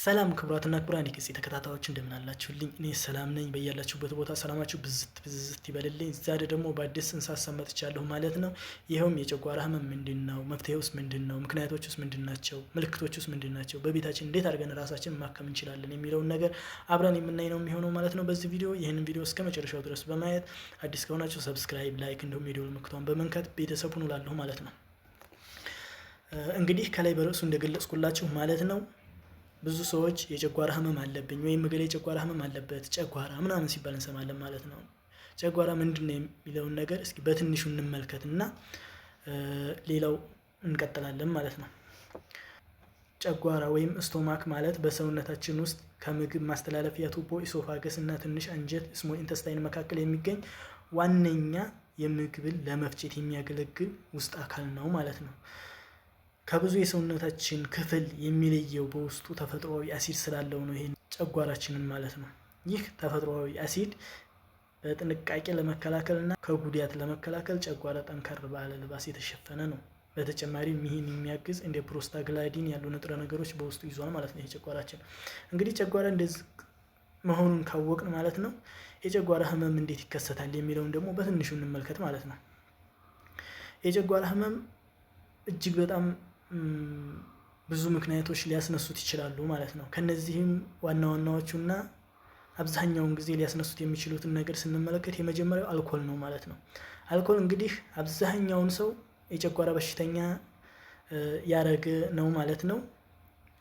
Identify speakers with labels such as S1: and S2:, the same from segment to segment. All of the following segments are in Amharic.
S1: ሰላም ክቡራትና ክቡራን የገጽ ተከታታዮች እንደምን አላችሁልኝ? እኔ ሰላም ነኝ። በያላችሁበት ቦታ ሰላማችሁ ብዝት ብዝት ይበልልኝ። ዛሬ ደግሞ በአዲስ ጽንሰ ሀሳብ ማለት ነው። ይኸውም የጨጓራ ህመም ምንድን ነው? መፍትሄ ውስጥ ምንድን ነው? ምክንያቶች ውስጥ ምንድን ናቸው? ምልክቶች ውስጥ ምንድን ናቸው? በቤታችን እንዴት አድርገን ራሳችን ማከም እንችላለን? የሚለውን ነገር አብረን የምናይ ነው የሚሆነው ማለት ነው በዚህ ቪዲዮ። ይህንን ቪዲዮ እስከ መጨረሻው ድረስ በማየት አዲስ ከሆናቸው ሰብስክራይብ፣ ላይክ እንዲሁም የደወል ምክቷን በመንከት ቤተሰቡን ላለሁ ማለት ነው። እንግዲህ ከላይ በርዕሱ እንደገለጽኩላችሁ ማለት ነው ብዙ ሰዎች የጨጓራ ህመም አለብኝ ወይም እገሌ የጨጓራ ህመም አለበት ጨጓራ ምናምን ሲባል እንሰማለን ማለት ነው። ጨጓራ ምንድን ነው የሚለውን ነገር እስኪ በትንሹ እንመልከት እና ሌላው እንቀጥላለን ማለት ነው። ጨጓራ ወይም ስቶማክ ማለት በሰውነታችን ውስጥ ከምግብ ማስተላለፊያ ቱቦ ኢሶፋገስ እና ትንሽ አንጀት ስሞ ኢንተስታይን መካከል የሚገኝ ዋነኛ የምግብን ለመፍጨት የሚያገለግል ውስጥ አካል ነው ማለት ነው። ከብዙ የሰውነታችን ክፍል የሚለየው በውስጡ ተፈጥሯዊ አሲድ ስላለው ነው። ይህን ጨጓራችንን ማለት ነው። ይህ ተፈጥሯዊ አሲድ በጥንቃቄ ለመከላከልና ከጉዳት ለመከላከል ጨጓራ ጠንከር ባለ ልባስ የተሸፈነ ነው። በተጨማሪም ይህን የሚያግዝ እንደ ፕሮስታግላዲን ያሉ ንጥረ ነገሮች በውስጡ ይዟል ማለት ነው። የጨጓራችን እንግዲህ ጨጓራ እንደዚህ መሆኑን ካወቅን ማለት ነው የጨጓራ ህመም እንዴት ይከሰታል የሚለውን ደግሞ በትንሹ እንመልከት ማለት ነው። የጨጓራ ህመም እጅግ በጣም ብዙ ምክንያቶች ሊያስነሱት ይችላሉ ማለት ነው። ከነዚህም ዋና ዋናዎቹና አብዛኛውን ጊዜ ሊያስነሱት የሚችሉትን ነገር ስንመለከት የመጀመሪያው አልኮል ነው ማለት ነው። አልኮል እንግዲህ አብዛኛውን ሰው የጨጓራ በሽተኛ ያረገ ነው ማለት ነው።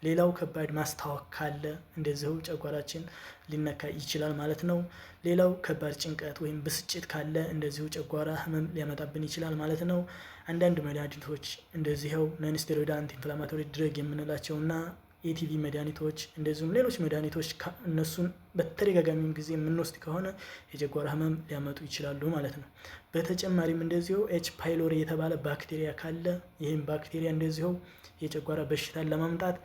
S1: ሌላው ከባድ ማስታወክ ካለ እንደዚሁ ጨጓራችን ሊነካ ይችላል ማለት ነው። ሌላው ከባድ ጭንቀት ወይም ብስጭት ካለ እንደዚሁ ጨጓራ ህመም ሊያመጣብን ይችላል ማለት ነው። አንዳንድ መድኃኒቶች እንደዚኸው ነንስቴሮይድ አንቲ ኢንፍላማቶሪ ድረግ የምንላቸውና ኤቲቪ መድኃኒቶች እንደዚሁም ሌሎች መድኃኒቶች እነሱን በተደጋጋሚም ጊዜ የምንወስድ ከሆነ የጨጓራ ህመም ሊያመጡ ይችላሉ ማለት ነው። በተጨማሪም እንደዚሁ ኤች ፓይሎሪ የተባለ ባክቴሪያ ካለ ይህም ባክቴሪያ እንደዚሁ የጨጓራ በሽታን ለማምጣት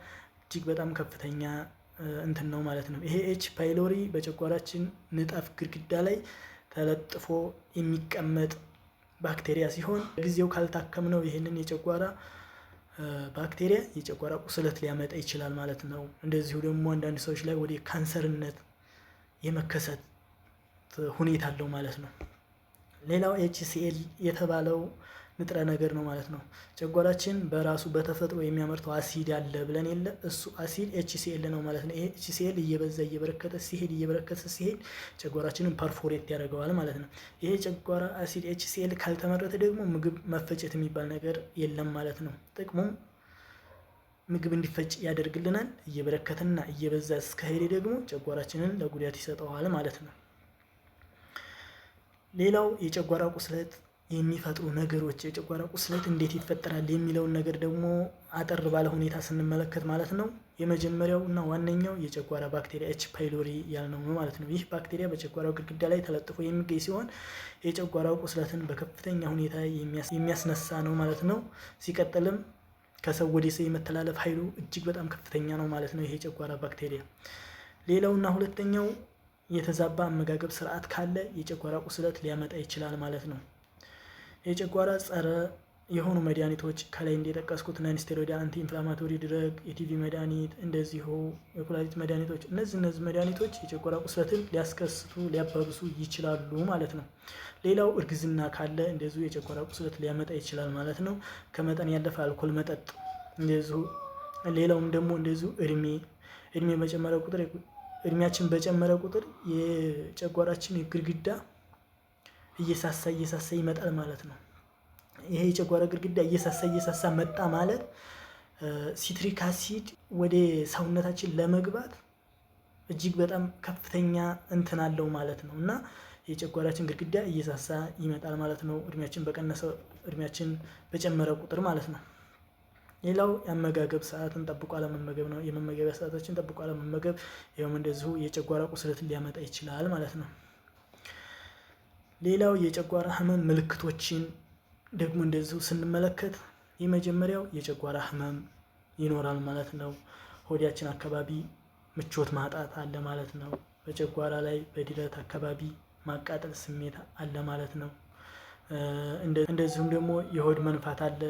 S1: እጅግ በጣም ከፍተኛ እንትን ነው ማለት ነው። ይሄ ኤች ፓይሎሪ በጨጓራችን ንጣፍ ግድግዳ ላይ ተለጥፎ የሚቀመጥ ባክቴሪያ ሲሆን ጊዜው ካልታከምነው ይህንን የጨጓራ ባክቴሪያ የጨጓራ ቁስለት ሊያመጣ ይችላል ማለት ነው። እንደዚሁ ደግሞ አንዳንድ ሰዎች ላይ ወደ ካንሰርነት የመከሰት ሁኔታ አለው ማለት ነው። ሌላው ኤችሲኤል የተባለው ንጥረ ነገር ነው ማለት ነው። ጨጓራችን በራሱ በተፈጥሮ የሚያመርተው አሲድ አለ ብለን የለ እሱ አሲድ ኤችሲኤል ነው ማለት ነው። ይሄ ኤችሲኤል እየበዛ እየበረከተ ሲሄድ እየበረከተ ሲሄድ ጨጓራችንን ፐርፎሬት ያደርገዋል ማለት ነው። ይሄ ጨጓራ አሲድ ኤችሲኤል ካልተመረተ ደግሞ ምግብ መፈጨት የሚባል ነገር የለም ማለት ነው። ጥቅሙም ምግብ እንዲፈጭ ያደርግልናል። እየበረከተና እየበዛ እስከሄደ ደግሞ ጨጓራችንን ለጉዳት ይሰጠዋል ማለት ነው። ሌላው የጨጓራ ቁስለት የሚፈጥሩ ነገሮች የጨጓራ ቁስለት እንዴት ይፈጠራል የሚለውን ነገር ደግሞ አጠር ባለ ሁኔታ ስንመለከት ማለት ነው የመጀመሪያው እና ዋነኛው የጨጓራ ባክቴሪያ ኤች ፓይሎሪ ያልነው ነው ማለት ነው። ይህ ባክቴሪያ በጨጓራው ግድግዳ ላይ ተለጥፎ የሚገኝ ሲሆን የጨጓራው ቁስለትን በከፍተኛ ሁኔታ የሚያስነሳ ነው ማለት ነው። ሲቀጥልም ከሰው ወደ ሰው የመተላለፍ ኃይሉ እጅግ በጣም ከፍተኛ ነው ማለት ነው። ይሄ የጨጓራ ባክቴሪያ ሌላውና ሁለተኛው የተዛባ አመጋገብ ስርዓት ካለ የጨጓራ ቁስለት ሊያመጣ ይችላል ማለት ነው። የጨጓራ ጸረ የሆኑ መድኃኒቶች ከላይ እንደጠቀስኩት ናንስቴሮይድ አንቲ ኢንፍላማቶሪ ድረግ የቲቪ መድኃኒት እንደዚሁ የኩላሊት መድኃኒቶች እነዚህ እነዚህ መድኃኒቶች የጨጓራ ቁስለትን ሊያስከስቱ ሊያባብሱ ይችላሉ ማለት ነው። ሌላው እርግዝና ካለ እንደዚሁ የጨጓራ ቁስለት ሊያመጣ ይችላል ማለት ነው። ከመጠን ያለፈ አልኮል መጠጥ እንደዚሁ። ሌላውም ደግሞ እንደዚሁ እድሜ እድሜ በጨመረ ቁጥር እድሜያችን በጨመረ ቁጥር የጨጓራችን ግድግዳ እየሳሳ እየሳሳ ይመጣል ማለት ነው። ይሄ የጨጓራ ግድግዳ እየሳሳ እየሳሳ መጣ ማለት ሲትሪክ አሲድ ወደ ሰውነታችን ለመግባት እጅግ በጣም ከፍተኛ እንትን አለው ማለት ነው እና የጨጓራችን ግድግዳ እየሳሳ ይመጣል ማለት ነው። እድሜያችን በቀነሰ እድሜያችን በጨመረ ቁጥር ማለት ነው። ሌላው የአመጋገብ ሰዓትን ጠብቆ አለመመገብ ነው። የመመገቢያ ሰዓታችን ጠብቆ አለመመገብ ይኸውም እንደዚሁ የጨጓራ ቁስለትን ሊያመጣ ይችላል ማለት ነው። ሌላው የጨጓራ ህመም ምልክቶችን ደግሞ እንደዚሁ ስንመለከት የመጀመሪያው የጨጓራ ህመም ይኖራል ማለት ነው። ሆዲያችን አካባቢ ምቾት ማጣት አለ ማለት ነው። በጨጓራ ላይ በድረት አካባቢ ማቃጠል ስሜት አለ ማለት ነው። እንደዚሁም ደግሞ የሆድ መንፋት አለ፣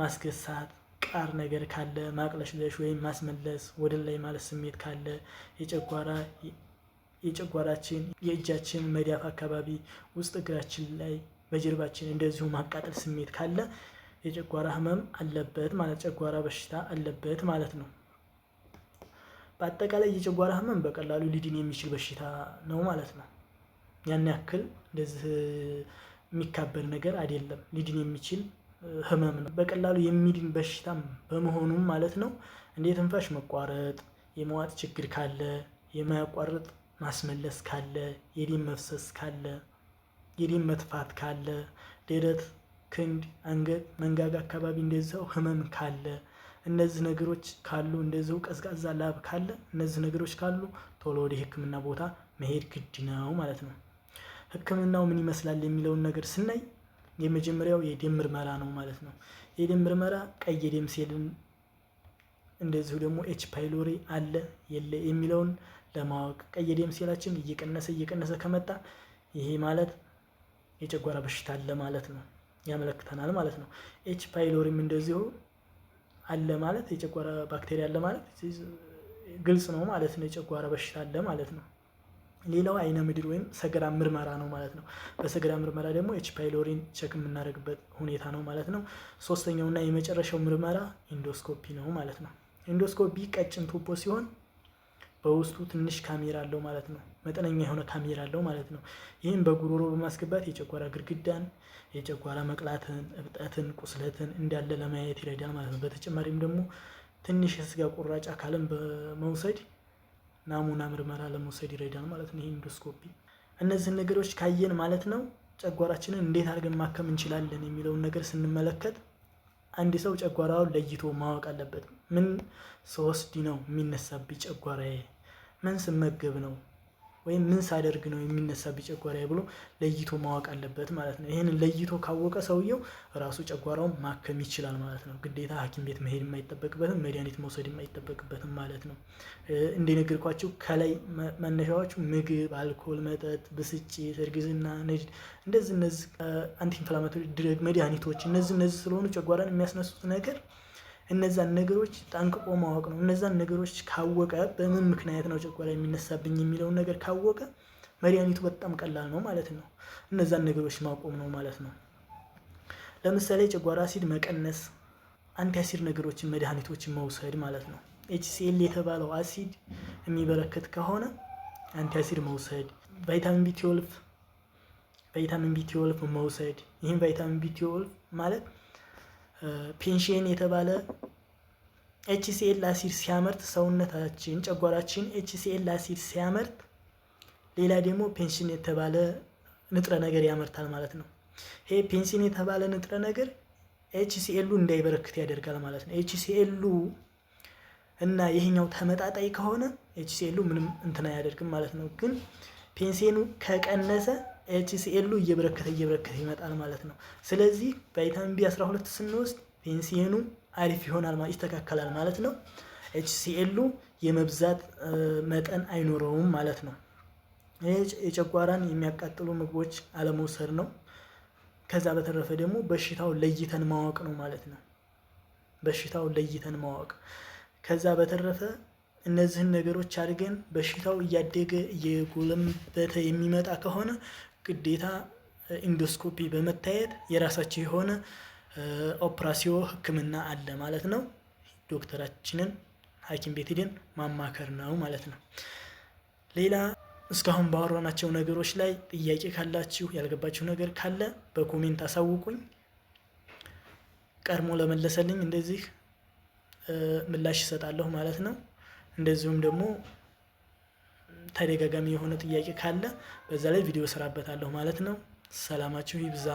S1: ማስገሳት፣ ቃር ነገር ካለ ማቅለሽለሽ ወይም ማስመለስ፣ ወደን ላይ ማለት ስሜት ካለ የጨጓራ የጨጓራችን የእጃችን መዳፍ አካባቢ ውስጥ እግራችን ላይ በጀርባችን እንደዚሁ ማቃጠል ስሜት ካለ የጨጓራ ህመም አለበት ማለት ጨጓራ በሽታ አለበት ማለት ነው። በአጠቃላይ የጨጓራ ህመም በቀላሉ ሊድን የሚችል በሽታ ነው ማለት ነው። ያን ያክል እንደዚህ የሚካበድ ነገር አይደለም። ሊድን የሚችል ህመም ነው። በቀላሉ የሚድን በሽታም በመሆኑም ማለት ነው እንደ ትንፋሽ መቋረጥ፣ የመዋጥ ችግር ካለ የማያቋርጥ ማስመለስ ካለ፣ የደም መፍሰስ ካለ፣ የደም መጥፋት ካለ፣ ደረት፣ ክንድ፣ አንገት፣ መንጋጋ አካባቢ እንደዛው ህመም ካለ እነዚህ ነገሮች ካሉ እንደዚሁ ቀዝቃዛ ላብ ካለ እነዚህ ነገሮች ካሉ ቶሎ ወደ ህክምና ቦታ መሄድ ግድ ነው ማለት ነው። ህክምናው ምን ይመስላል የሚለውን ነገር ስናይ የመጀመሪያው የደም ምርመራ ነው ማለት ነው። የደም ምርመራ ቀይ የደም ሴልን እንደዚሁ ደግሞ ኤች ፓይሎሪ አለ የለ የሚለውን ለማወቅ ቀይ ደም ሴላችን እየቀነሰ እየቀነሰ ከመጣ ይሄ ማለት የጨጓራ በሽታ አለ ማለት ነው ያመለክተናል ማለት ነው። ኤች ፓይሎሪም እንደዚሁ አለ ማለት የጨጓራ ባክቴሪያ አለ ማለት ግልጽ ነው ማለት ነው። የጨጓራ በሽታ አለ ማለት ነው። ሌላው አይነ ምድር ወይም ሰገራ ምርመራ ነው ማለት ነው። በሰገራ ምርመራ ደግሞ ኤች ፓይሎሪን ቸክ የምናደርግበት ሁኔታ ነው ማለት ነው። ሶስተኛውና የመጨረሻው ምርመራ ኢንዶስኮፒ ነው ማለት ነው። ኢንዶስኮፒ ቀጭን ቱቦ ሲሆን በውስጡ ትንሽ ካሜራ አለው ማለት ነው። መጠነኛ የሆነ ካሜራ አለው ማለት ነው። ይህም በጉሮሮ በማስገባት የጨጓራ ግድግዳን፣ የጨጓራ መቅላትን፣ እብጠትን፣ ቁስለትን እንዳለ ለማየት ይረዳል ማለት ነው። በተጨማሪም ደግሞ ትንሽ የስጋ ቁራጭ አካልን በመውሰድ ናሙና ምርመራ ለመውሰድ ይረዳል ማለት ነው። ይህ ኢንዶስኮፒ እነዚህን ነገሮች ካየን ማለት ነው ጨጓራችንን እንዴት አድርገን ማከም እንችላለን የሚለውን ነገር ስንመለከት አንድ ሰው ጨጓራውን ለይቶ ማወቅ አለበት። ምን ስወስድ ነው የሚነሳብኝ ጨጓራዬ? ምን ስመገብ ነው ወይም ምን ሳደርግ ነው የሚነሳብኝ ጨጓራዬ ብሎ ለይቶ ማወቅ አለበት ማለት ነው። ይህንን ለይቶ ካወቀ ሰውየው ራሱ ጨጓራውን ማከም ይችላል ማለት ነው። ግዴታ ሐኪም ቤት መሄድ የማይጠበቅበትም መድኃኒት መውሰድ የማይጠበቅበትም ማለት ነው። እንደነገርኳቸው ከላይ መነሻዎቹ ምግብ፣ አልኮል፣ መጠጥ፣ ብስጭት፣ እርግዝና፣ ንድ እንደዚህ እነዚህ አንቲ ኢንፍላማቶሪ ድረግ መድኃኒቶች እነዚህ እነዚህ ስለሆኑ ጨጓራን የሚያስነሱት ነገር እነዛን ነገሮች ጠንቅቆ ማወቅ ነው። እነዛን ነገሮች ካወቀ በምን ምክንያት ነው ጨጓራ የሚነሳብኝ የሚለውን ነገር ካወቀ መድኃኒቱ በጣም ቀላል ነው ማለት ነው። እነዛን ነገሮች ማቆም ነው ማለት ነው። ለምሳሌ ጨጓራ አሲድ መቀነስ፣ አንቲ አሲድ ነገሮችን መድኃኒቶችን መውሰድ ማለት ነው። ኤችሲኤል የተባለው አሲድ የሚበረከት ከሆነ አንቲ አሲድ መውሰድ፣ ቫይታሚን ቢ ቫይታሚን ቢ መውሰድ ይህም ቫይታሚን ቢ12 ማለት ፔንሽን የተባለ ኤችሲኤል አሲድ ሲያመርት ሰውነታችን ጨጓራችን ኤችሲኤል አሲድ ሲያመርት ሌላ ደግሞ ፔንሽን የተባለ ንጥረ ነገር ያመርታል ማለት ነው። ይሄ ፔንሽን የተባለ ንጥረ ነገር ኤችሲኤሉ እንዳይበረክት ያደርጋል ማለት ነው። ኤችሲኤሉ እና ይሄኛው ተመጣጣይ ከሆነ ኤችሲኤሉ ምንም እንትን አያደርግም ማለት ነው። ግን ፔንሽኑ ከቀነሰ ኤችሲኤሉ እየበረከተ እየበረከተ ይመጣል ማለት ነው። ስለዚህ ቫይታሚን ቢ 12 ስንወስድ ፔንሲኑ አሪፍ ይሆናል፣ ይስተካከላል ማለት ነው። ኤችሲኤሉ የመብዛት መጠን አይኖረውም ማለት ነው። የጨጓራን የሚያቃጥሉ ምግቦች አለመውሰድ ነው። ከዛ በተረፈ ደግሞ በሽታው ለይተን ማወቅ ነው ማለት ነው። በሽታው ለይተን ማወቅ ከዛ በተረፈ እነዚህን ነገሮች አድርገን በሽታው እያደገ እየጎለበተ የሚመጣ ከሆነ ግዴታ ኢንዶስኮፒ በመታየት የራሳቸው የሆነ ኦፕራሲዮ ህክምና አለ ማለት ነው። ዶክተራችንን ሐኪም ቤት ሄደን ማማከር ነው ማለት ነው። ሌላ እስካሁን ባወራናቸው ነገሮች ላይ ጥያቄ ካላችሁ ያልገባችሁ ነገር ካለ በኮሜንት አሳውቁኝ። ቀድሞ ለመለሰልኝ እንደዚህ ምላሽ ይሰጣለሁ ማለት ነው። እንደዚሁም ደግሞ ተደጋጋሚ የሆነ ጥያቄ ካለ በዛ ላይ ቪዲዮ ስራበታለሁ ማለት ነው። ሰላማችሁ ይብዛ።